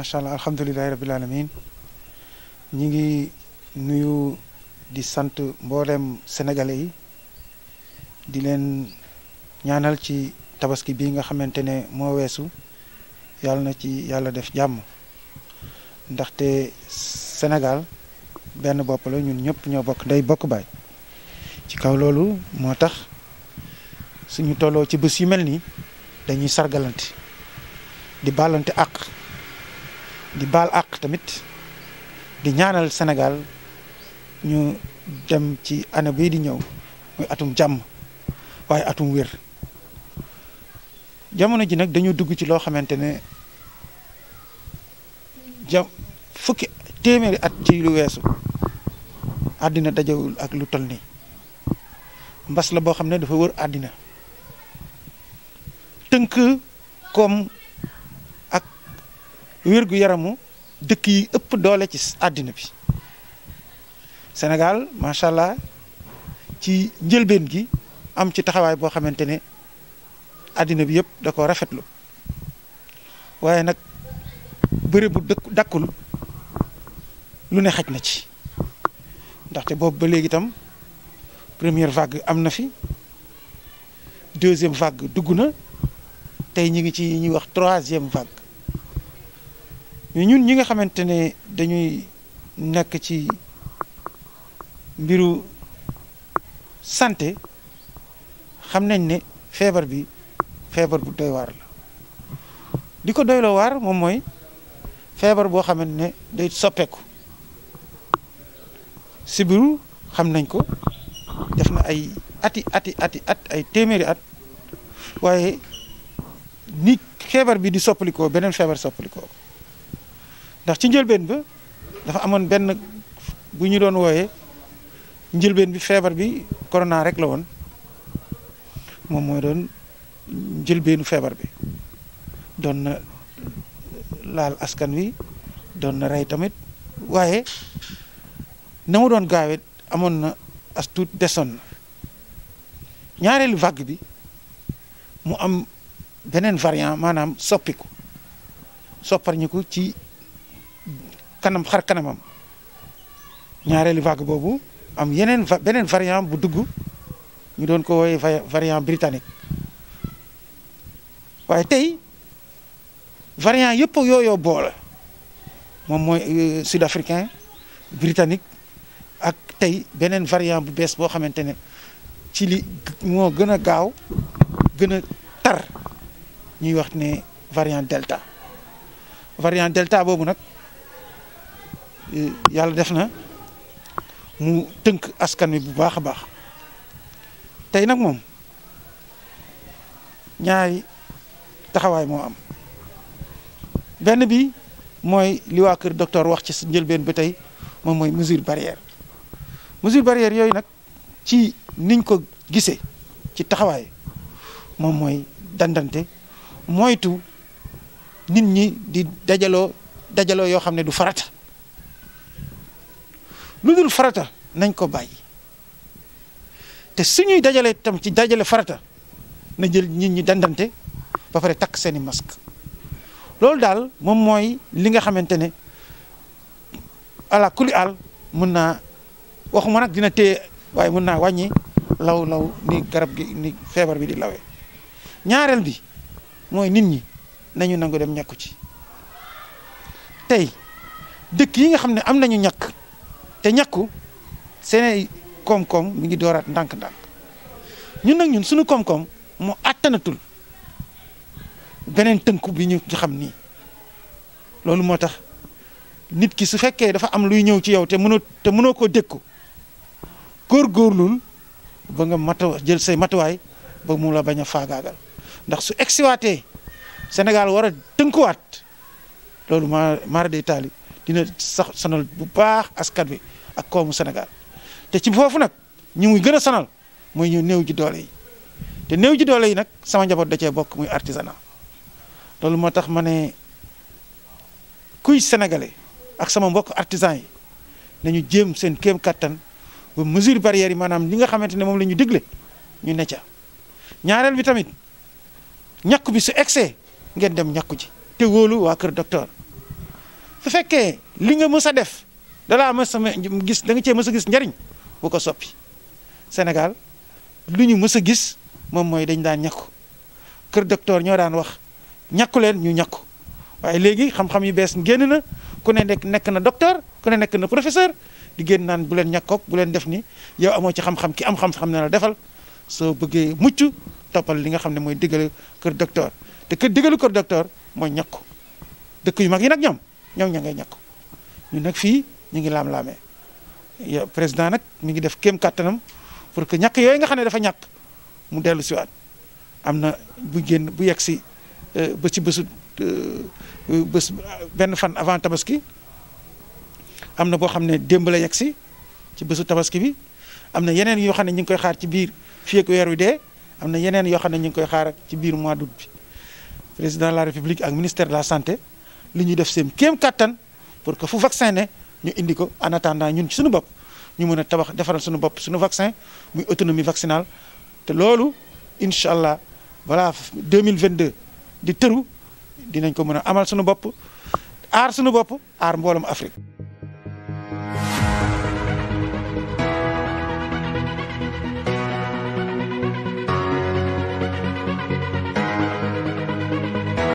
macha allah alhamdulilahi rabil alamin ñi ngi nuyu di sant mboolem sénégalais yi di leen ñaanal ci tabaski bi nga xamante ne moo weesu yàlla na ci yàlla def jàmm ndaxte Sénégal benn bopp ñun ñëpp ñoo bokk ndey bokk baay ci kaw loolu moo tax suñu tolloo ci bés yi mel nii dañuy sargalante di baalante àq di baal àq tamit di ñaanal senegal ñu dem ci année bii di ñëw muy atum jàmm waaye atum wér jamono ji nag dañu dugg ci loo xamante ne ja fukki téeméeri at ci lu weesu àddina dajewul ak lu toll ni mbas la boo xam ne dafa wër àddina tënk comme wérgu yaramu dëkk yi ëpp doole ci àddina bi Sénégal macha allah ci njëlbeen gi am ci taxawaay boo xamante ne àddina bi yëpp da ko rafetlu waaye nag bëri dëkku dakkul lu ne xaj na ci ndaxte boobu ba léegi itam première vague am na fi deuxième vague dugg na tey ñu ngi ci ñuy wax troisième vague ñun ñi nga xamante ne dañuy nekk ci mbiru santé xam nañ ne feebar bi feebar bu doy waar la li ko doyloo moom mooy feebar boo xamante ne day soppeeku sibiru xam nañ ko def na ay ati ati ati at ay téeméeri at waaye ni feebar bi di soppalikoo beneen feebar soppalikoo ndax ci njëlbeen ba dafa amoon benn bu ñu doon wooyee njëlbeen bi feebar bi corona rek la woon moom mooy doon njëlbeenu feebar bi doon na laal askan wi doon na rey tamit waaye na mu doon gaawe amoon na as tuut desoon na ñaareelu vague bi mu am beneen variant maanaam soppiku soppar ñu ko ci kanam xar kanamam ñaareelu vague boobu am yeneen beneen variant bu dugg ñu doon ko woowee variant britanique waaye tey variant yëpp yoyo boole moom mooy euh, sud africain britannique ak tey beneen variant bu bees boo xamante ne ci li moo gën a gaaw gën a tar ñuy wax ne variant delta variant delta boobu nag Eh, yàlla def na mu tënk askan wi bu baax a baax tey nag moom ñaari taxawaay moo am benn bi mooy li waa kër docteur wax ci njëlbeen ba tey moom mooy mesure barrière mesure barrière yooyu nag ci niñ ko gisee ci taxawaay moom mooy dandante moytu nit ñi di dajaloo dajaloo yoo xam ne du farat lu dul farata nañ ko bàyyi te suñuy dajalee tam ci dajale farata na jël nit ñi dandante ba pare takk seeni mask loolu daal moom mooy li nga xamante ne ala kuli al mun naa nag dina téye waaye mun naa wàññi law law ni garab gi ni feebar bi di lawee ñaareel bi mooy nit ñi nañu nangu dem ñàkku ci tey dëkk yi nga xam ne am nañu ñàkk te ñàkku seen koom-koom mi ngi dooraat ndànk-ndànk ñun nag ñun sunu koom-koom moo attanatul beneen tënku bi ñu xam nii loolu moo tax nit ki su fekkee dafa am luy ñëw ci yow te mënoo te mënoo koo dékku góorgóorlul ba nga mataw jël say matuwaay ba mu la bañ a faagaagal ndax su exsiwaatee Sénégal war a tënkuwaat loolu maa mara taali dina sax sonal bu baax askan bi ak koomu Sénégal te ci foofu nag ñu ngi gën a sonal mooy ñu néew ji doole yi te néew ji doole yi nag sama njaboot da cee bokk muy artisanat loolu moo tax ma ne kuy sénégalais ak sama mbokk artisan yi nañu jéem seen kéem kattan ba mesure barrière yi maanaam li nga xamante ne moom la ñu digle ñu ne ca ñaareel bi tamit ñàkk bi su excès ngeen dem ñàkku ji te wóolu waa kër docteur fu fekkee li nga mës a def dalaa mës a gis da nga cee mës a gis njariñ bu ko soppi Sénégal lu ñu mës a gis moom mooy dañ daan ñàkku kër docteur ñoo daan wax ñàkku leen ñu ñàkku waaye léegi xam-xam yu bees génn na ku ne nekk nekk na docteur ku ne nekk na professeur di génn naan bu leen ñàkkoog bu leen def nii yow amoo ci xam-xam ki am xam-xam ne la defal soo bëggee mucc toppal li nga xam ne mooy diggalu kër docteur te kër diggalu kër docteur mooy ñàkku dëkk yu mag yi nag ñoom ñoom ña ngay ñàkk ñu nag fii ñu ngi laam-laamee yow président nag mi ngi def kéem kattanam pour que ñàkk yooyu nga xam ne dafa ñàkk mu dellu si waat am na bu génn bu yegg si euh, ba ci bésu euh, euh, bés benn fan avant tabaski am na boo xam ne démb la si ci bésu tabaski bi am na yeneen yoo xam ne ñu ngi koy xaar ci biir fii ak weer wi dee am na yeneen yoo xam ne ñu ngi koy xaar ci biir mois d'août bi président la république ak ministère de la santé. li ñuy def seen kéem kattan pour que fu vaccin ne ñu indi ko en attendant ñun ci suñu bopp ñu mun a tabax defaral suñu bopp suñu vaccin muy autonomie vaccinal te loolu incha allah voilà 2022 di tëru dinañ ko mun a amal suñu bopp aar suñu bopp aar mboolum Afrique.